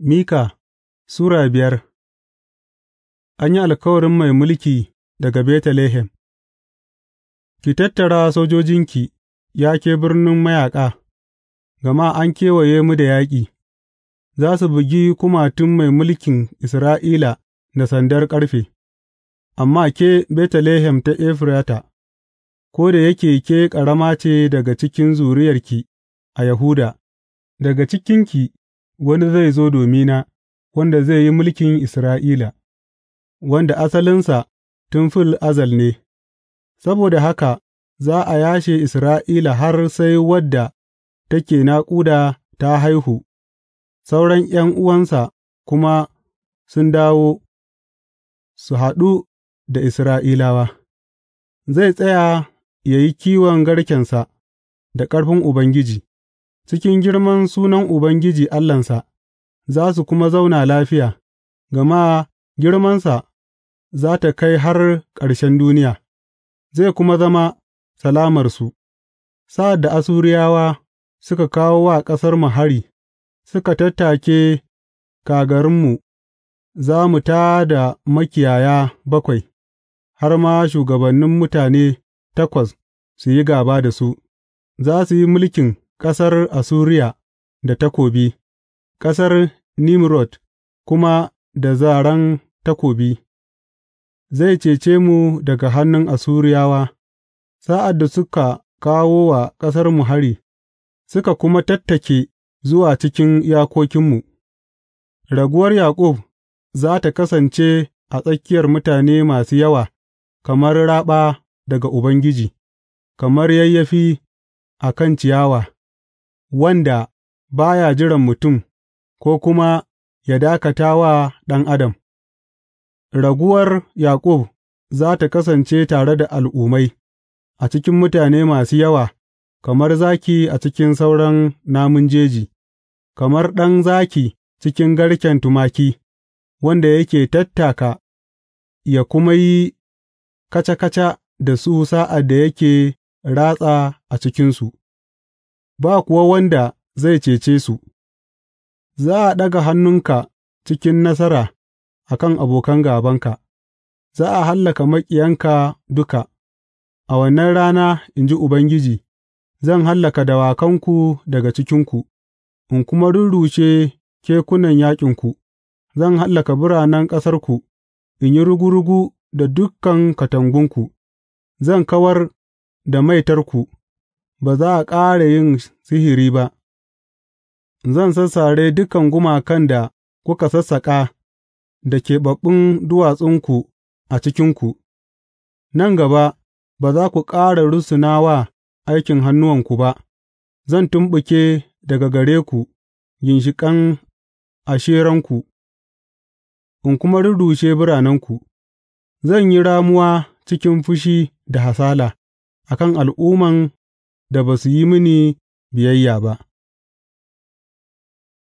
Mika Sura biyar An yi alkawarin mai mulki daga Betlehem Ki tattara sojojinki, ya ke birnin mayaƙa, gama an kewaye mu da yaƙi, za su bugi kumatun mai mulkin Isra'ila da sandar ƙarfe, amma ke Betlehem ta Efrata, ko da yake ke ƙarama ce daga cikin zuriyarki a Yahuda, daga cikinki. wani zai zo domina wanda zai yi mulkin Isra'ila, wanda asalinsa tun fil azal ne, saboda haka za a yashe Isra'ila har sai wadda take naƙuda ta haihu, sauran 'yan uwansa kuma sun dawo su haɗu da Isra'ilawa, zai tsaya ya yi kiwon garkensa da ƙarfin Ubangiji. cikin girman sunan Ubangiji Allahnsa, za su kuma zauna lafiya, gama girmansa za tă kai har ƙarshen duniya, zai kuma zama salamarsu. Sa'ad da asuriyawa suka kawo wa ƙasarmu hari, suka tattake kagarinmu, za mu tā da makiyaya bakwai, har ma shugabannin mutane takwas su yi gaba da su, za su yi mulkin ƙasar Assuriya da takobi, ƙasar Nimrod kuma da zaren takobi; zai cece mu daga hannun Assuriyawa sa'ad da suka kawo wa ƙasarmu hari suka kuma tattake zuwa cikin yakokinmu. raguwar Yaƙub za ta kasance a tsakiyar mutane masu yawa kamar raɓa daga Ubangiji, kamar yayyafi a kan ciyawa. wanda ba ya jiran mutum ko kuma ya dakata wa ɗan adam, raguwar Yaƙub za ta kasance tare da al'ummai, a cikin mutane masu yawa, kamar zaki a cikin sauran namun jeji, kamar ɗan zaki cikin garken tumaki, wanda yake tattaka ya kuma yi kaca-kaca da su sa'ad da yake ratsa a cikinsu. ba kuwa wanda zai cece su; za a ɗaga hannunka cikin nasara a kan abokan gābanka, za a hallaka maƙiyanka duka, a wannan rana, in ji Ubangiji, zan hallaka dawakanku daga cikinku, in kuma rurrushe kekunan yaƙinku; zan hallaka biranen ƙasarku, in yi rugu rugu da dukkan katangunku, zan kawar da maitarku. ba za a ƙara yin sihiri ba, zan sassare dukan gumakan da kuka sassaƙa da keɓaɓɓun duwatsunku a cikinku, nan gaba ba za ku ƙara rusuna wa aikin hannuwanku ba, zan tumɓuke daga gare ku ginshiƙan Asheranku, in kuma rurrushe biranenku, zan yi ramuwa cikin fushi da hasala a kan al'umman da ba su yi mini biyayya ba.